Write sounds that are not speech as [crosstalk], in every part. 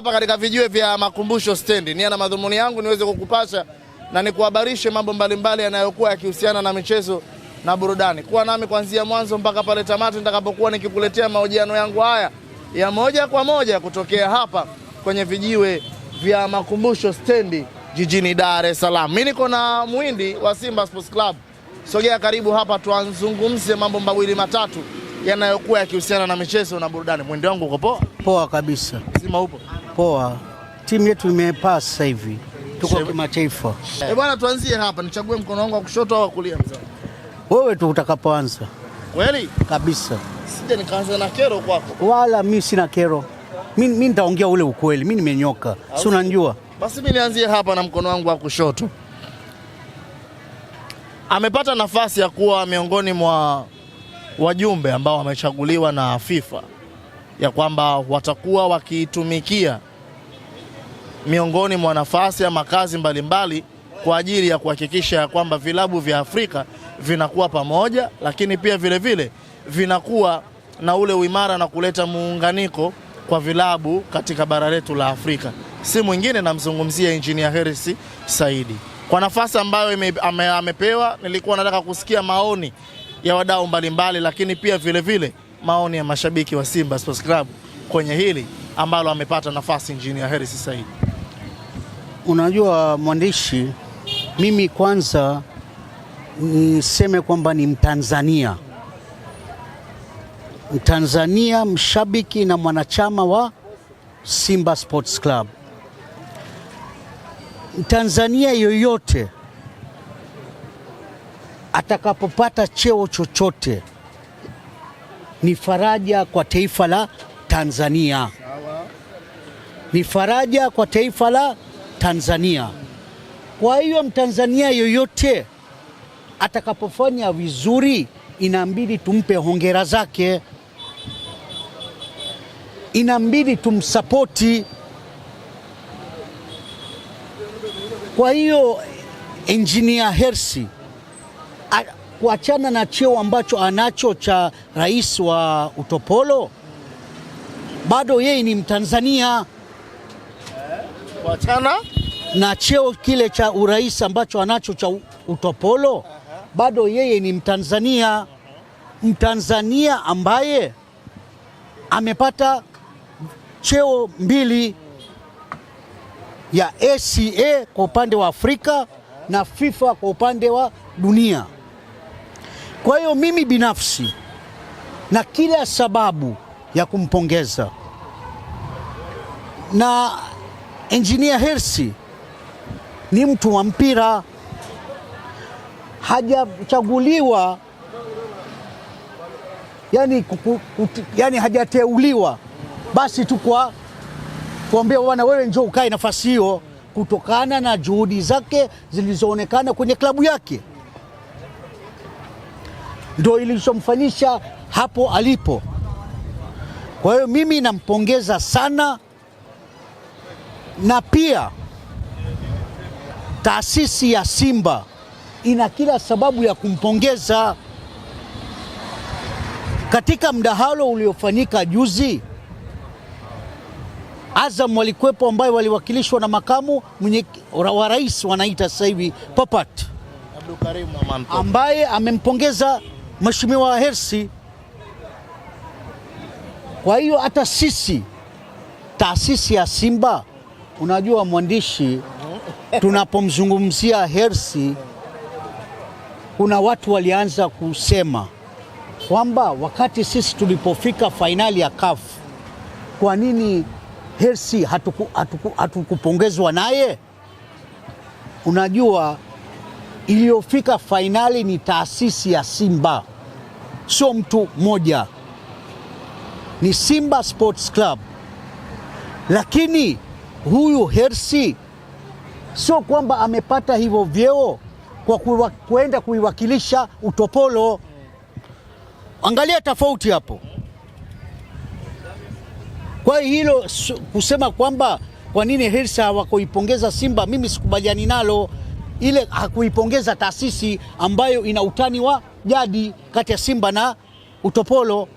hapa katika vijiwe vya makumbusho stendi. Nia na madhumuni yangu niweze kukupasha na nikuhabarishe mambo mbalimbali yanayokuwa yakihusiana na michezo na burudani. Kuwa nami kuanzia mwanzo mpaka pale tamati nitakapokuwa nikikuletea mahojiano yangu haya ya moja kwa moja kutokea hapa kwenye vijiwe vya makumbusho stendi jijini Dar es Salaam. Mimi niko na Muhindi wa Simba Sports Club. Sogea karibu hapa tuanzungumze mambo mawili matatu yanayokuwa yakihusiana na michezo na burudani. Muhindi wangu uko poa? Poa kabisa. Sima upo? mkoa, timu yetu imepaa sasa hivi, tuko kimataifa. Eh bwana, tuanzie hapa, nichague mkono wangu wa kushoto au wa kulia mzee? Wewe tu utakapoanza. Kweli kabisa, sije nikaanza na kero kwako. Wala mimi sina kero, mimi nitaongea ule ukweli. Mimi nimenyoka, si unanijua? Basi mimi nianzie hapa na mkono wangu wa kushoto. Amepata nafasi ya kuwa miongoni mwa wajumbe ambao wamechaguliwa na FIFA ya kwamba watakuwa wakiitumikia miongoni mwa nafasi ama kazi mbalimbali kwa ajili ya kuhakikisha ya kwamba vilabu vya Afrika vinakuwa pamoja, lakini pia vilevile vile, vinakuwa na ule uimara na kuleta muunganiko kwa vilabu katika bara letu la Afrika. Si mwingine namzungumzia Engineer Hersi Saidi kwa nafasi ambayo ime, ame, amepewa. Nilikuwa nataka kusikia maoni ya wadau mbalimbali, lakini pia vilevile vile, maoni ya mashabiki wa Simba Sports Club kwenye hili ambalo amepata nafasi Engineer Hersi Saidi. Unajua mwandishi, mimi kwanza niseme kwamba ni Mtanzania, Mtanzania mshabiki na mwanachama wa Simba Sports Club. Mtanzania yoyote atakapopata cheo chochote ni faraja kwa taifa la Tanzania, ni faraja kwa taifa la Tanzania. Kwa hiyo Mtanzania yoyote atakapofanya vizuri, inabidi tumpe hongera zake, inabidi tumsapoti. Kwa hiyo Engineer Hersi kuachana na cheo ambacho anacho cha rais wa Utopolo, bado yeye ni Mtanzania kuachana na cheo kile cha urais ambacho anacho cha utopolo. Bado yeye ni Mtanzania. Mtanzania ambaye amepata cheo mbili ya ACA kwa upande wa Afrika na FIFA kwa upande wa dunia. Kwa hiyo mimi binafsi na kila sababu ya kumpongeza na Engineer Hersi ni mtu wa mpira, hajachaguliwa yani, yani hajateuliwa basi tu kwa kuambia wana wewe njoo ukae nafasi hiyo, kutokana na juhudi zake zilizoonekana kwenye klabu yake ndio ilichomfanyisha hapo alipo. Kwa hiyo mimi nampongeza sana na pia taasisi ya Simba ina kila sababu ya kumpongeza katika mdahalo uliofanyika juzi. Azam walikuwepo ambayo waliwakilishwa na makamu wa rais wanaita sasa hivi Popat, ambaye amempongeza Mheshimiwa Hersi. Kwa hiyo hata sisi taasisi ya Simba Unajua mwandishi, tunapomzungumzia Hersi kuna watu walianza kusema kwamba wakati sisi tulipofika fainali ya CAF, kwa nini Hersi hatukupongezwa hatuku, hatuku naye? Unajua, iliyofika fainali ni taasisi ya Simba, sio mtu mmoja, ni Simba Sports Club, lakini huyu Hersi sio kwamba amepata hivyo vyeo kwa kuwa, kuenda kuiwakilisha utopolo. Angalia tofauti hapo. Kwa hilo kusema kwamba kwa nini Hersi hawakuipongeza Simba, mimi sikubaliani nalo. Ile hakuipongeza taasisi ambayo ina utani wa jadi kati ya Simba na utopolo.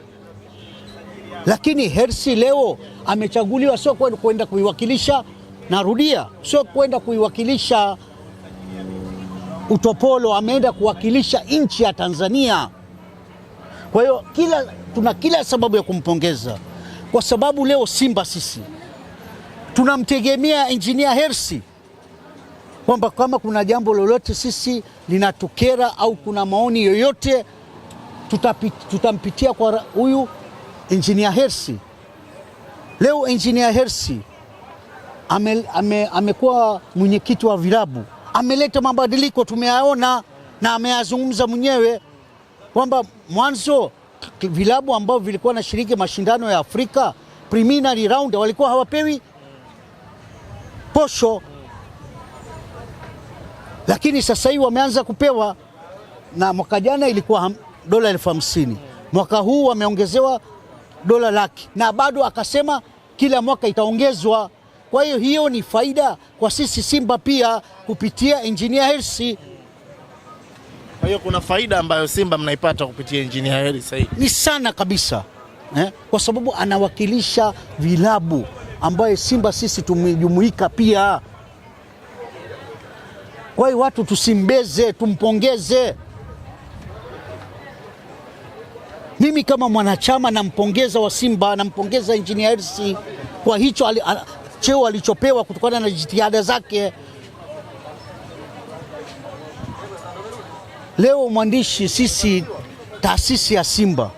Lakini Hersi leo amechaguliwa sio kwenda kuiwakilisha, narudia, sio kwenda kuiwakilisha utopolo, ameenda kuwakilisha nchi ya Tanzania. Kwa hiyo kila tuna kila sababu ya kumpongeza kwa sababu leo Simba sisi tunamtegemea injinia Hersi kwamba kama kuna jambo lolote sisi linatukera au kuna maoni yoyote tutapit, tutampitia kwa huyu Engineer Hersi. Leo Engineer Hersi ame, ame, amekuwa mwenyekiti wa vilabu, ameleta mabadiliko tumeyaona na ameyazungumza mwenyewe kwamba mwanzo vilabu ambao vilikuwa na shiriki mashindano ya Afrika preliminary round walikuwa hawapewi posho, lakini sasa hivi wameanza kupewa, na mwaka jana ilikuwa dola elfu hamsini mwaka huu wameongezewa dola laki, na bado akasema kila mwaka itaongezwa. Kwa hiyo hiyo ni faida kwa sisi Simba pia kupitia engineer Hersi. Kwa hiyo kuna faida ambayo Simba mnaipata kupitia engineer Hersi ni sana kabisa eh? Kwa sababu anawakilisha vilabu ambayo Simba sisi tumejumuika pia. Kwa hiyo watu tusimbeze, tumpongeze. mimi kama mwanachama nampongeza wa Simba, nampongeza Injinia Hersi kwa hicho al, al, cheo alichopewa kutokana na jitihada zake. Leo mwandishi, sisi taasisi ya Simba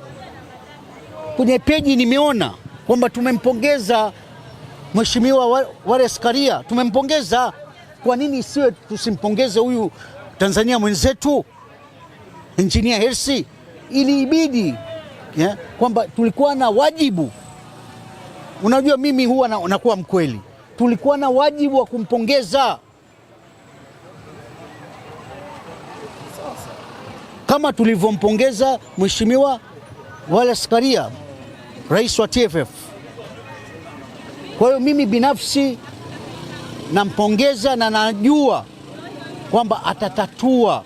kwenye peji nimeona kwamba tumempongeza Mheshimiwa Wallace Karia, tumempongeza. Kwa nini isiwe tusimpongeze huyu Tanzania mwenzetu Injinia Hersi? Ili ibidi yeah, eh, kwamba tulikuwa na wajibu. Unajua, mimi huwa na, nakuwa mkweli. Tulikuwa na wajibu wa kumpongeza kama tulivyompongeza Mheshimiwa Wallace Karia, rais wa TFF. Kwa hiyo mimi binafsi nampongeza na najua kwamba atatatua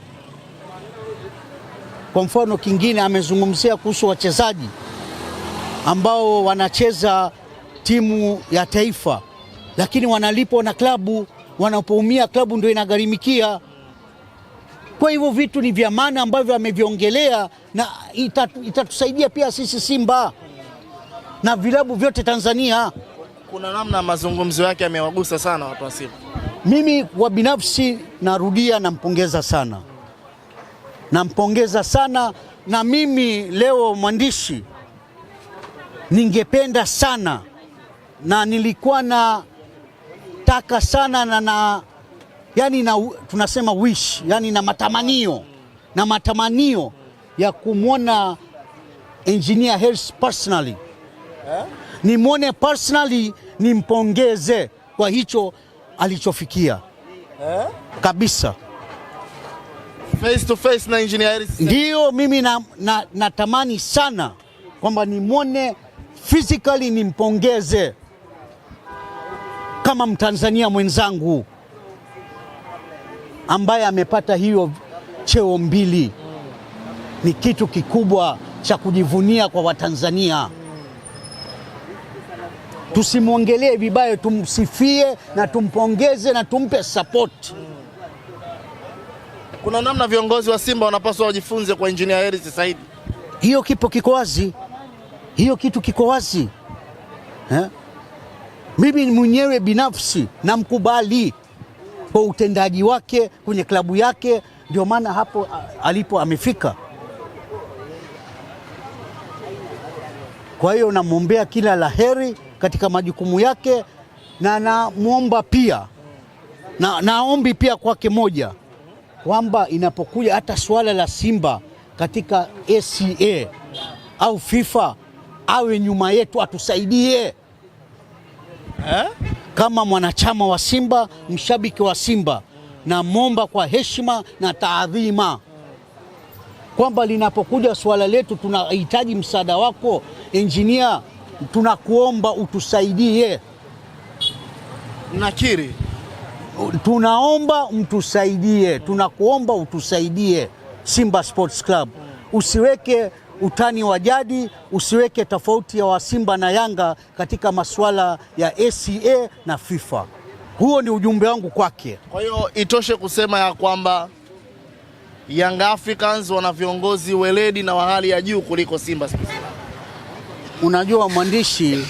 kwa mfano kingine amezungumzia kuhusu wachezaji ambao wanacheza timu ya taifa lakini wanalipwa na klabu, wanapoumia klabu ndio inagharimikia. Kwa hivyo vitu ni vya maana ambavyo ameviongelea na itatusaidia pia sisi Simba na vilabu vyote Tanzania. Kuna namna mazungumzo yake yamewagusa sana watu wa Simba. Mimi kwa binafsi narudia, nampongeza sana nampongeza sana. Na mimi leo mwandishi, ningependa sana na nilikuwa na taka sana na, na yani na, tunasema wish yani na matamanio na matamanio ya kumwona engineer Hersi personally eh? Nimwone personally nimpongeze kwa hicho alichofikia eh? Kabisa face to face na engineer Ndio mimi natamani na, na sana kwamba nimwone physically nimpongeze kama Mtanzania mwenzangu ambaye amepata hiyo cheo mbili. Ni kitu kikubwa cha kujivunia kwa Watanzania. Tusimwongelee vibaya, tumsifie na tumpongeze na tumpe support kuna namna viongozi wa Simba wanapaswa wajifunze kwa Injinia Hersi Said. Hiyo kipo kiko wazi, hiyo kitu kiko wazi eh? Mimi mwenyewe binafsi namkubali kwa utendaji wake kwenye klabu yake, ndio maana hapo alipo amefika. Kwa hiyo namwombea kila la heri katika majukumu yake, na namwomba pia na naombi pia kwake moja kwamba inapokuja hata suala la Simba katika ACA au FIFA awe nyuma yetu atusaidie eh? Kama mwanachama wa Simba, mshabiki wa Simba, namwomba kwa heshima na taadhima kwamba linapokuja suala letu, tunahitaji msaada wako injinia, tunakuomba utusaidie. Nakiri tunaomba mtusaidie, tunakuomba utusaidie Simba Sports Club, usiweke utani wa jadi, usiweke tofauti ya Wasimba na Yanga katika masuala ya ACA e na FIFA. Huo ni ujumbe wangu kwake. Kwa hiyo itoshe kusema ya kwamba Young Africans wana viongozi weledi na wa hali ya juu kuliko Simba Sports Club. Unajua mwandishi,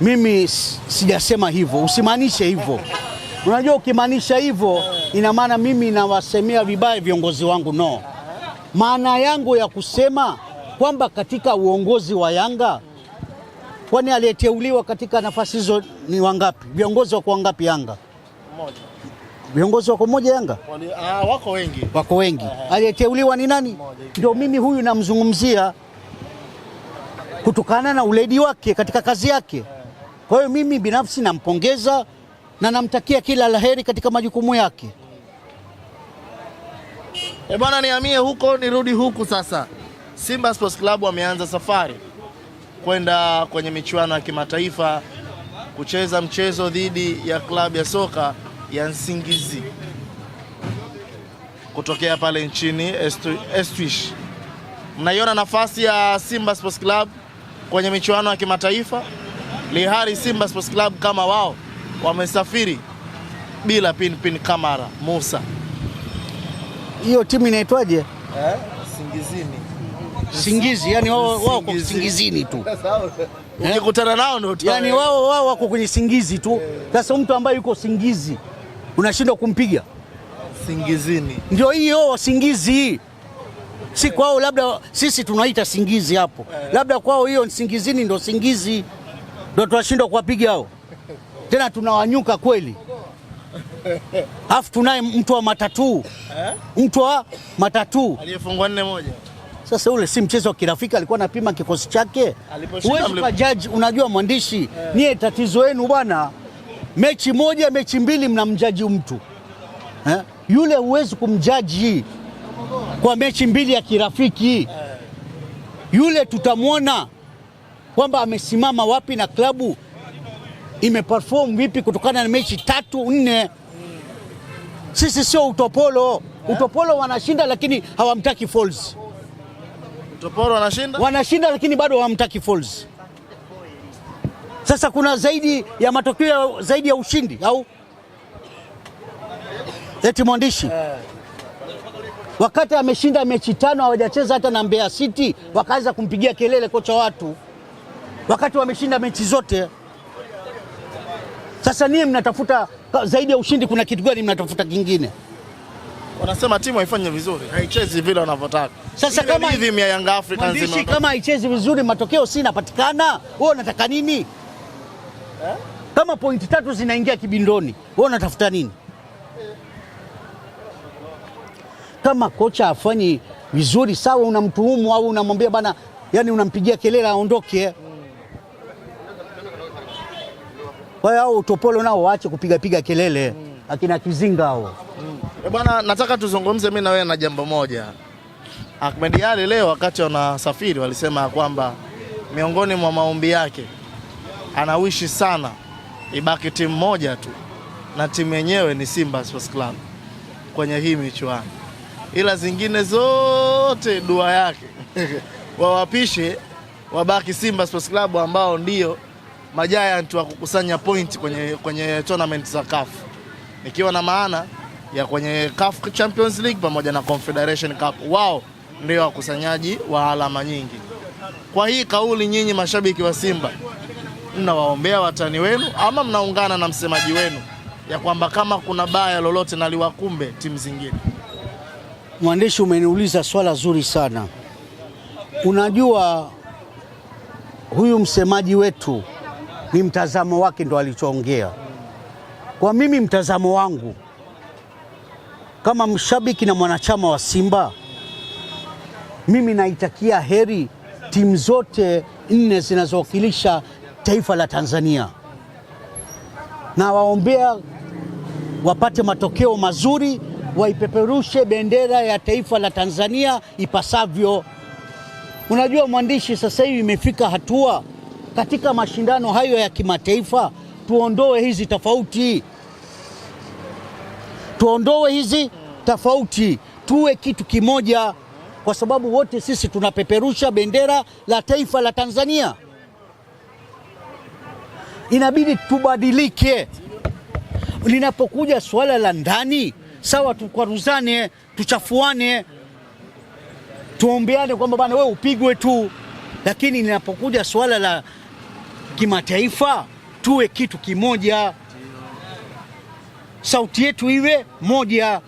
mimi sijasema hivyo, usimaanishe hivyo. Unajua, ukimaanisha hivyo ina maana mimi nawasemea vibaya viongozi wangu. No, maana yangu ya kusema kwamba katika uongozi wa Yanga, kwani aliyeteuliwa katika nafasi hizo ni wangapi? Viongozi wako wangapi Yanga? Mmoja. Viongozi wako mmoja Yanga? Ah, wako wengi, wako wengi. Aliyeteuliwa ni nani? Ndio mimi huyu namzungumzia kutokana na uledi wake katika kazi yake. Kwa hiyo mimi binafsi nampongeza na namtakia kila laheri katika majukumu yake. E bwana, nihamie huko nirudi huku sasa. Simba Sports Club wameanza safari kwenda kwenye michuano ya kimataifa kucheza mchezo dhidi ya klabu ya soka ya Nsingizi kutokea pale nchini Estwish. Mnaiona nafasi ya Simba Sports Club kwenye michuano ya kimataifa, lihari Simba Sports Club kama wao wamesafiri bila Pinpin Kamara Musa. Hiyo timu inaitwaje eh? Singizini. Singizi, yani wao kwa singizini tu [laughs] ukikutana nao ndio yani wao wao wako kwenye singizi tu. Eh. Sasa mtu ambaye yuko singizi unashindwa kumpiga singizini, ndio hiyo singizi si kwao, labda sisi tunaita singizi hapo, eh. labda kwao hiyo singizini, ndio singizi ndio tunashindwa kuwapiga hao tena tunawanyuka kweli. Alafu tunaye mtu wa matatuu, mtu wa matatuu aliyefungwa nne moja. Sasa ule si mchezo wa kirafiki, alikuwa anapima kikosi chake. Huwezi kwa judge, unajua mwandishi yeah. Niye tatizo yenu bwana, mechi moja mechi mbili mnamjaji mtu eh? Yule huwezi kumjaji kwa mechi mbili ya kirafiki yeah. Yule tutamwona kwamba amesimama wapi na klabu imeperform vipi kutokana na mechi tatu nne. Sisi sio utopolo. Utopolo wanashinda lakini hawamtaki Falls. Utopolo wanashinda? Wanashinda lakini bado hawamtaki Falls. Sasa kuna zaidi ya matokeo zaidi ya ushindi au eti mwandishi yeah. Wakati ameshinda mechi tano hawajacheza hata na Mbeya City, wakaanza kumpigia kelele kocha watu, wakati wameshinda mechi zote. Sasa niye mnatafuta zaidi ya ushindi, kuna kitu gani mnatafuta kingine? Wanasema timu haifanyi vizuri, haichezi vile wanavyotaka. Sasa kama hivi ya Young Africans mwandishi, kama haichezi vizuri, matokeo si napatikana, wewe unataka nini eh? Kama pointi tatu zinaingia kibindoni, wewe unatafuta nini Kama kocha afanyi vizuri, sawa, unamtuhumu au unamwambia bana, yani unampigia kelele aondoke. Kwa hiyo hao utopolo nao waache kupigapiga kelele mm. akina kizinga hao mm. E bwana, nataka tuzungumze mimi na wewe na jambo moja. Ahmed Ally leo wakati wanasafiri walisema kwamba miongoni mwa maombi yake anawishi sana ibaki timu moja tu na timu yenyewe ni Simba Sports Club kwenye hii michuano, ila zingine zote dua yake [laughs] wawapishe wabaki Simba Sports Club ambao ndio magiant wa kukusanya point kwenye, kwenye tournament za CAF nikiwa na maana ya kwenye CAF Champions League pamoja na Confederation Cup. Wao ndio wakusanyaji wa alama nyingi. Kwa hii kauli, nyinyi mashabiki wa Simba mnawaombea watani wenu ama mnaungana na msemaji wenu ya kwamba kama kuna baya lolote naliwakumbe timu zingine? Mwandishi, umeniuliza swala zuri sana. Unajua huyu msemaji wetu ni mtazamo wake ndo alichoongea. Kwa mimi mtazamo wangu kama mshabiki na mwanachama wa Simba, mimi naitakia heri timu zote nne zinazowakilisha taifa la Tanzania, na waombea wapate matokeo mazuri, waipeperushe bendera ya taifa la Tanzania ipasavyo. Unajua mwandishi, sasa hivi imefika hatua katika mashindano hayo ya kimataifa, tuondoe hizi tofauti, tuondoe hizi tofauti, tuwe kitu kimoja, kwa sababu wote sisi tunapeperusha bendera la taifa la Tanzania. Inabidi tubadilike linapokuja suala la ndani. Sawa, tukwaruzane, tuchafuane, tuombeane kwamba bana, wewe upigwe tu, lakini linapokuja suala la kimataifa, tuwe kitu kimoja, sauti yetu iwe moja,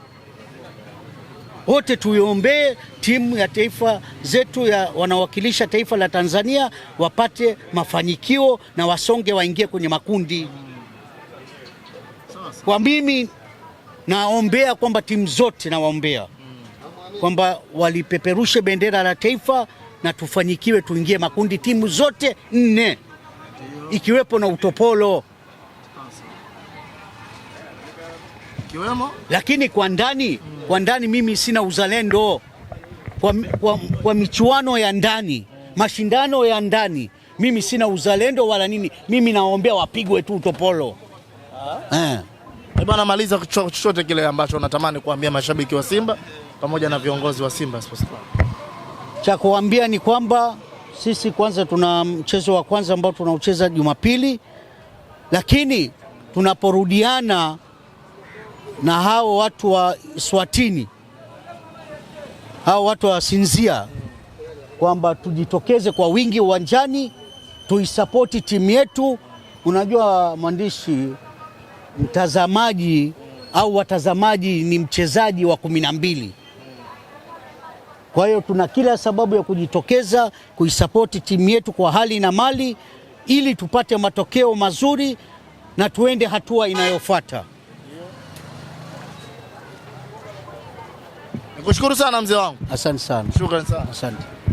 wote tuiombee timu ya taifa zetu ya wanawakilisha taifa la Tanzania wapate mafanikio na wasonge, waingie kwenye makundi. Kwa mimi naombea kwamba timu zote nawaombea kwamba walipeperushe bendera la taifa na tufanikiwe, tuingie makundi, timu zote nne ikiwepo na utopolo Lakini kwa ndani kwa ndani mimi sina uzalendo kwa, kwa, kwa michuano ya ndani mashindano ya ndani mimi sina uzalendo wala nini, mimi naombea wapigwe tu utopolo ah. eh. eh. Bwana, maliza chochote kile ambacho unatamani kuambia mashabiki wa Simba pamoja na viongozi wa Simba Sports Club. Cha kuambia ni kwamba sisi kwanza tuna mchezo wa kwanza ambao tunaucheza Jumapili, lakini tunaporudiana na hao watu wa Swatini, hao watu wa Sinzia, kwamba tujitokeze kwa wingi uwanjani tuisapoti timu yetu. Unajua mwandishi, mtazamaji au watazamaji ni mchezaji wa kumi na mbili. Kwa hiyo tuna kila sababu ya kujitokeza kuisapoti timu yetu kwa hali na mali ili tupate matokeo mazuri na tuende hatua inayofuata. Nikushukuru sana mzee wangu. Asante sana. Shukrani sana. Asante.